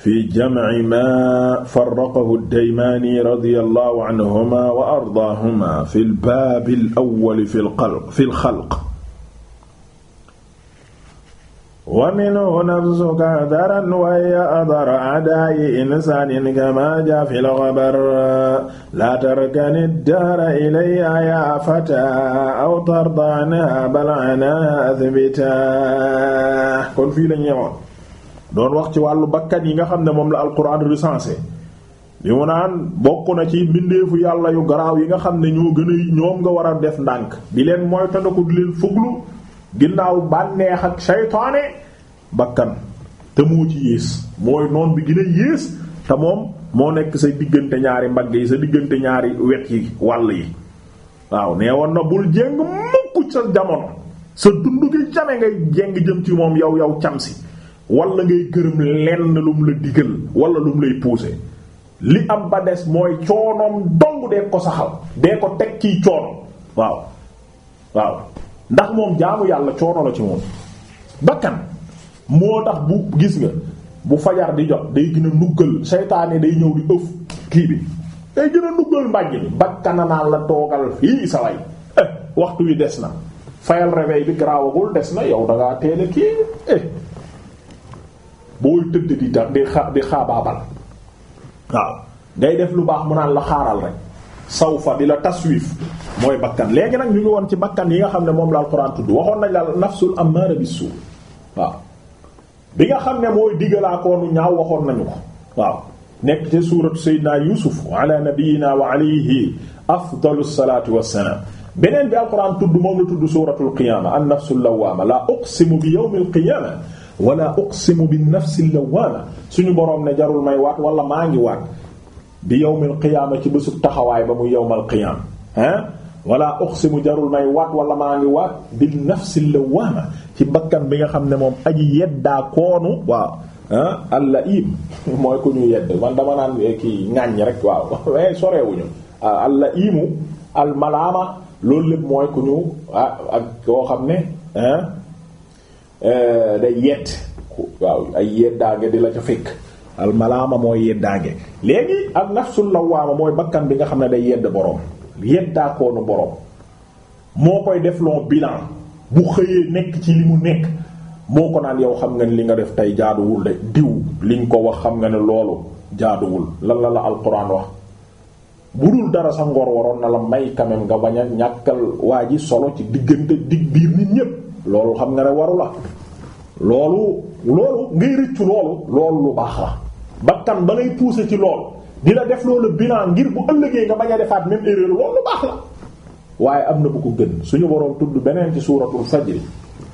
fi jamci ma farraqahu daymaani radiyallahu anhuma wa ardaahuma fi lbaabi alawwali fi lxalq fi lxalq wa minhu nafsuka daran wa hiya adar adaa'i insaanin kamaa jaa fi lxabar laa tarkani ddaara ilayya yaa fataa aw tardaanaha bal anaa athbitaa kon fii lañu ñëwoon doon wax ci wàllu bakkan yi nga xam ne moom la alquran recensé li mu naan bokk na ci mbindeefu yàlla yu garaaw yi nga xam ne ñoo gën a ñoom nga war a def ndànk di leen mooy tandaku di leen fuglu ginnaaw bànneex ak saytaane bakkan te moo ci yées mooy noon bi gën a yées te moom moo nekk sa diggante ñaari mbagg yi sa diggante ñaari wet yi wàll yi waaw nee woon na bul jëng mukk sa jamono sa dund gi jame ngay jéng jëm ci moom yow yow camsi wala ngay gërëm lenn lu mu la digal wala lum lay pousser li am ba des mooy coonoom dong dee ko saxal dee ko teg ciy coono waaw waaw ndax moom jaamu yàlla coono la ci moom bakkan moo tax bu gis nga bu fajar di jot day gën a nuggal seytaane day ñëw di ëf kii bi day gën a nuggal mbàjj bi bakkananaan la toogal fii sa way eh waxtu wi des na fayal réveil bi garaawagul des na yow da ngaa teel kii eh booy tëdd di tax di xa di waaw ngay def lu baax mu naan la xaaral rek saw fa di la taswif mooy bakkan léegi nag ñu ngi woon ci bakkan yi nga xam ne moom la alxuraan tudd waxoon nañ la nafsul ammaara bisu waaw bi nga xam ne mooy diggalaakoonu ñaaw waxoon nañu ko waaw nekk ci suuratu sayyidina yusuf ala nabiyyina wa alayhi afdalu salaatu wassalaam beneen bi alxuraan tudd moom la tudd suuratul qiyaama an nafsul lawaama la uqsimu bi yawmil qiyaama wala uqsimu bi nafsi lawwaama suñu boroom ne jarul may waat walla maa ngi waat bi yawmil qiyaama ci bésub taxawaay ba mu yawmal qiyaama ah wala uqsimu jarul may wat wala maa ngi waat bi nafsi lawwaama ci bakkan bi nga xam ne moom aji yeddaa koonu waaw ah allaim mooy ku ñu yedd man dama naan eh, kii ŋàññ rek waaw way eh, sorewuñu allaimu ah, almalaama loolu lépp mooy ku ñu ah, ak koo xam ne Euh, day yett waaw ay yeddaange di la ca fikk al malaama mooy yeddaange léegi ak nafsul lawaama mooy bakkan bi nga xam ne day yedd borom yeddaakoonu borom moo koy def lon bilan bu xëyee nekk ci li mu nekk moo ko naan yow xam nga ne li nga def tey jaaduwul de diw liñ ko wax xam nga ne loolu jaaduwul lan la la alquran wa bu dul dara sa ngor waroon na la may quand nga bañ ñàkkal waa ji solo ci diggante dig biir nit ñépp loolu xam nga ne waru la loolu loolu ngay rëccu loolu loolu lu baax la bakkan ba ngay pousser ci lool di la def loolu bilan ngir bu ëllëgee nga bañ a defaat même erreur loolu baax la waaye am na bu ko gën suñu boroom tudd beneen ci suuratul fajri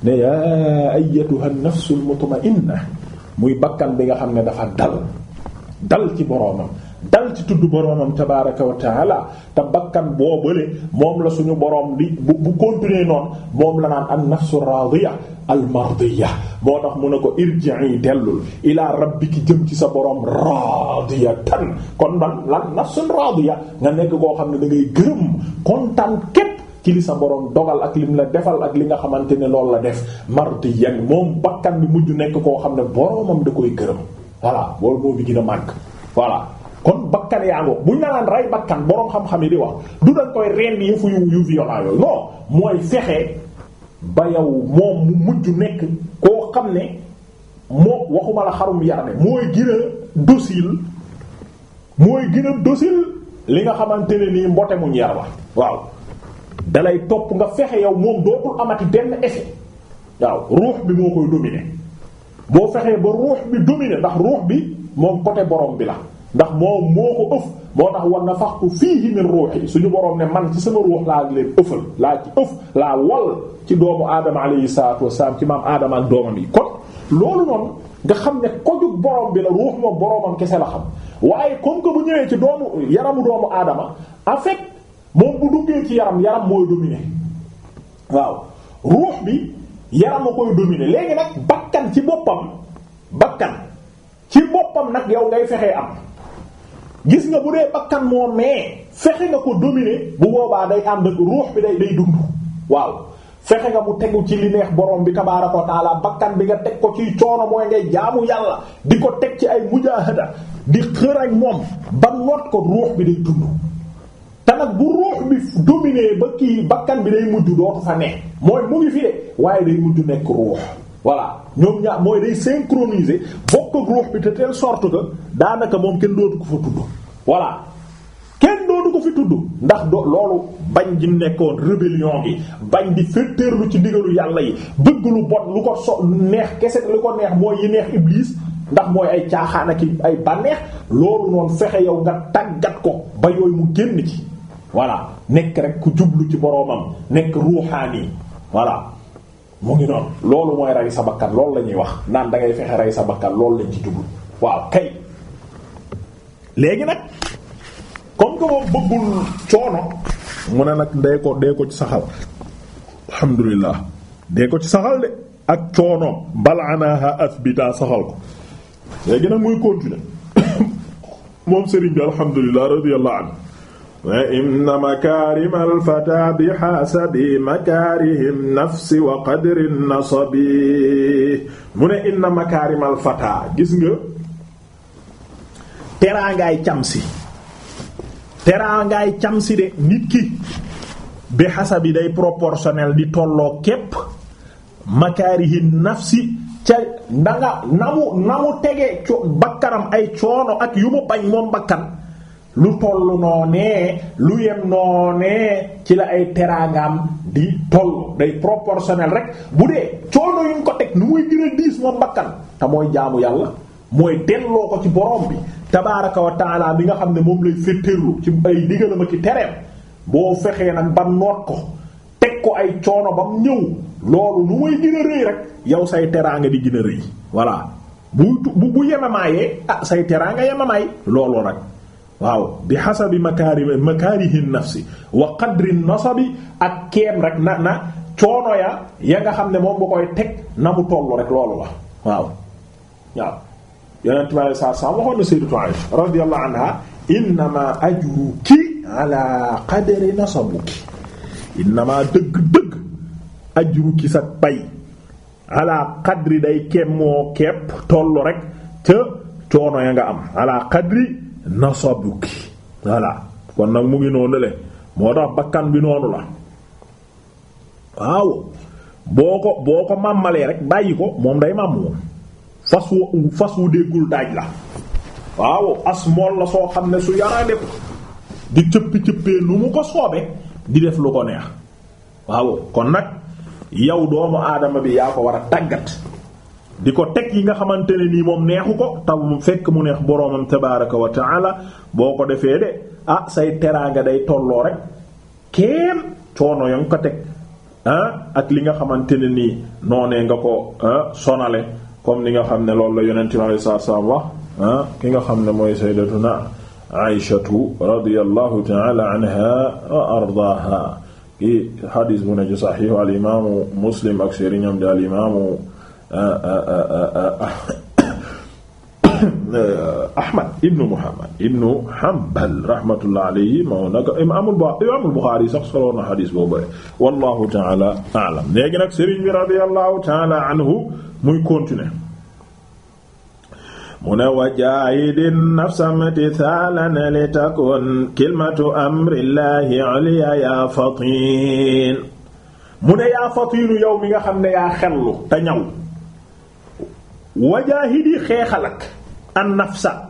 ne yaa ayyatuha nafsul mutma'inna muy bakkan bi nga xam ne dafa dal dal ci boroomam dal ci tudd boroomam tabaaraka wa taala te bakkan boobale moom la suñu boroom di bu bu continuer noonu moom la naan an nafsu raadiya al mardiya moo tax mu ne ko irji'i dellul ilaa ki jëm ci sa boroom raadiya tan kon lan lan nafsun raadiya nga nekk koo xam ne da ngay gërëm tan képp ci li sa borom dogal ak lim la defal ak li nga xamante ne loolu la def mardiyan moom bakkan bi mujj nekk koo xam ne boromam da koy gërëm voilà loolu moo bi gën màgg voilà kon bakkan yaa ngoo bu la rey bakkan boroom xam-xam yi di wax du dañ koy rend yëfu yu yu violent yooyu non mooy fexe ba yow moom nekk koo xam ne moo waxuma la xarum yar ne mooy gën a docile mooy li nga xamante ne nii mbote muñ yar wa waaw nga fexe yow moom dootul amati benn effet waaw ruux bi moo koy dominer boo fexee ba ruux bi dominer ndax ruux bi moom côté borom bi la ndax moom moo ko ëf moo tax war na faxtu fiihi min ruuhi suñu boroom ne man ci sama ruux laa leen ëfal laa ci ëf laa wal ci doomu aadama alayhi salaatu wasalaam ci maam aadama ak doomam yi kon loolu noonu nga xam ne kojug borom bi la ruux moom boromam kese la xam waaye comme que bu ñëwee ci doomu yaramu doomu aadama en fait moom bu duggee ci yaram yaram mooy dominer waaw ruux bi yaram a koy dominer léegi nag bakkan ci boppam bakkan ci boppam nag yow ngay fexee am gis nga bu dee bakkan moo mee fexe nga ko dominer bu boobaa day ànd ak ruux bi day day dund waaw fexe nga mu tegu ci li neex borom bi tabaaraka wa taala bakkan bi nga teg ko ci coono mooy ngay jaamu yàlla di ko teg ci ay mujaahada di xër ak moom ba noot ko ruux bi day dund te nag bu ruux bi dominer ba kii bakkan bi day mujj dootu fa ne mooy mu ngi fi de waaye day mujj nekk ruux voilà ñoom ñaar mooy day synchroniser bokk ak ruux bi de telle sorte que daanaka moom kenn dootu ko fa tudd voilà kenn dootu ko fi tudd ndax do loolu bañ ji nekkoon rébellion gi bañ di féttéerlu ci ndigalu yàlla yi bëgg lu bon lu ko so neex kese lu ko neex mooy yi neex iblis ndax mooy ay caaxaana ak ay bànneex loolu noonu fexe yow nga tàggat ko ba yooyu mu génn ci voilà nekk rek ku jublu ci boroomam nekk ruuxaani voilà mu ngi noonu loolu mooy rey sa bakkan loolu la ñuy wax naan da ngay fexe rey sa bakkan loolu lañ ci jublu waaw kay léegi nag comme que bëggul coono mu ne nag dee ko dee ko ci saxal alhamdulilah dee ko ci saxal de ak coono balanaha asbita saxal ko léegi nag muy continuer moom sëriñ bi alhamdulilah radiyallahu anhu wa inna makarima alfata bi xaasabi makarihim nafsi wa qadri nasabi mu ne inna makarima alfata gis nga teraangaay cam si teraangaay cam si de nit ki bi xasabi day proportionnel di tolloo képp makarihim nafsi ca danga namu namu tegee co bakkanam ay coono ak yu mu bañ moom bakkan lu toll noonee lu yem noonee ci la ay teraangaam di toll day proportionnel rek bu dee coono yuñ ko teg nu muy gën a diis moom bakkan te mooy jaamu yàlla mooy delloo ko ci borom bi tabaaraka wa bi nga xam ne moom lay féttéerlu ci ay digalama ci tereem boo fexee nag ba noot ko teg ko ay coono ba ñëw loolu nu muy gën rëy rek yow say teraanga di gën a rëy voilà bu bu bu yemamaayee ah say teraanga yemamaay loolu rek. waaw bi xasabi makaari makaarihi nafsi wa qadri nasabi ak keem rek na na coono ya ya nga xam ne moom bu koy teg na mu tollu rek loolu la waaw waaw yonent bi alayhi salaatu salaam waxoon na sayyidatu Aisha radiyallahu ala qadri dëgg-dëgg ajruki sa pay ala qadri day keem moo kepp tollu rek ca coono ya nga am ala qadri nasabuki voilà kon nag mu ngi noonu le moo tax bakkan bi noonu la waaw boo ko boo ko màmmalee rek bàyyi ko moom day màmm moom fas wu fas wu déggul daaj la waaw as mool la soo xam ne su yaraande ko di cëppi cëppee lu mu ko soobee di def lu ko neex waaw kon nag yow doomu aadama bi yaa ko war a tàggat di ko teg yi nga xamante ne nii moom neexu ko taw mu fekk mu neex boroomam tabaaraka wa taala boo ko defee de ah say teraanga day tolloo rek kenn coono ya ko teg ah, ak li nga xamante ne nii noonee nga ko ah, sonale comme li nga xam ne loolu la yonent bi saa saa wax ah, ki nga xam ne mooy sayyidatuna Aïshatu radiyallahu taala anha wa ardaaha ki xadiis bu ne ci saxiixu al imaamu Muslim ak sëriñam di al imaamu Ahmad ibnu Muhammad ibnu Hanbal rahmatullah alayhi moo nag imaamul Buxaari imaamul Buxaari yi sax soloon na xadiis boobu bare wallahu taala alam léegi nag sëriñ bi radiyallahu taala anhu muy continuer mu ne wajaahidin nafsamati thaalan li takun kilmatu amrillahi ulya yaa fatin mu ne yaa fatinu yow mi nga xam ne yaa xellu te ñaw wajaahidi xeexal ak an nafsa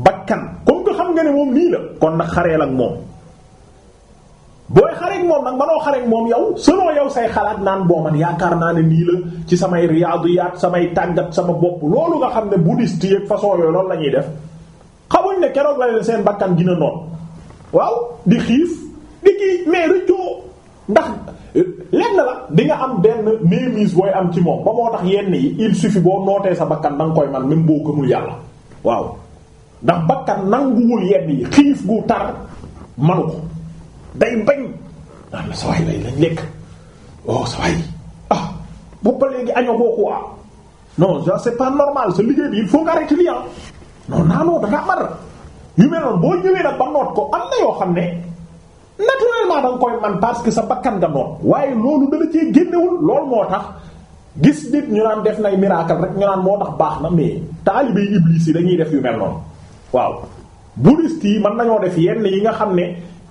bakkan comme que xam nga ne moom lii la kon nag xareel ak moom booy xareek moom nag manoo xareek moom yow selon yow say xalaat naan boo yaakaar naa ne nii la ci samay riyaadiyaat samay tàggat sama bopp loolu nga xam ne bouddhiste yeeg façon yooyu loolu la def xamuñ ne keroog la leen seen bakkan gina noonu waaw di xiif di kii mais rëccoo ndax lenn la di nga am benn méemise booy am ci moom ba moo tax yenn yi il suffit boo nootee sa bakkan da koy man même boo gëmul yàlla waaw ndax bakkan nanguwul yenn yi xiif gu tar manu ko day bañ naan la sawaay lay lañ lekk oh sawaay ah bu ba léegi añoo boo ah. ah. da nga mar yu ko am na yoo xam ne naturellement da nga koy man parce que sa bakkan nga doon waaye loolu dala cee génnewul loolu moo tax gis nit ñu naan def nay miracle rek ñu naan moo tax baax na mais taalibe iblis yi dañuy def yu mel noonu waaw bouddhiste yi mën nañoo def yenn yi nga xam ne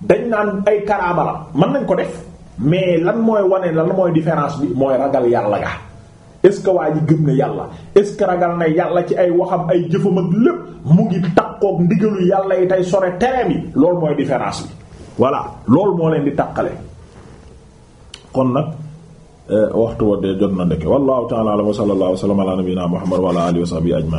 dañ naan ay karaama la mën nañ ko def mais lan mooy wane lan mooy différence bi mooy ragal yàlla ga est-ce que waa ji gëm na yàlla est-ce que ragal na yàlla ci ay waxam ay jëfam ak lépp mu ngi takkoog ndigalu yàlla yi tey sore tereem yi loolu mooy différence bi voilà loolu moo leen di tàqale kon nag eh, waxtu wa dee jot na ndeke wallahu ta'ala wa sallallahu wa sallama ala nabiyyina muhammad wa ala alihi wa sahbihi ajma'in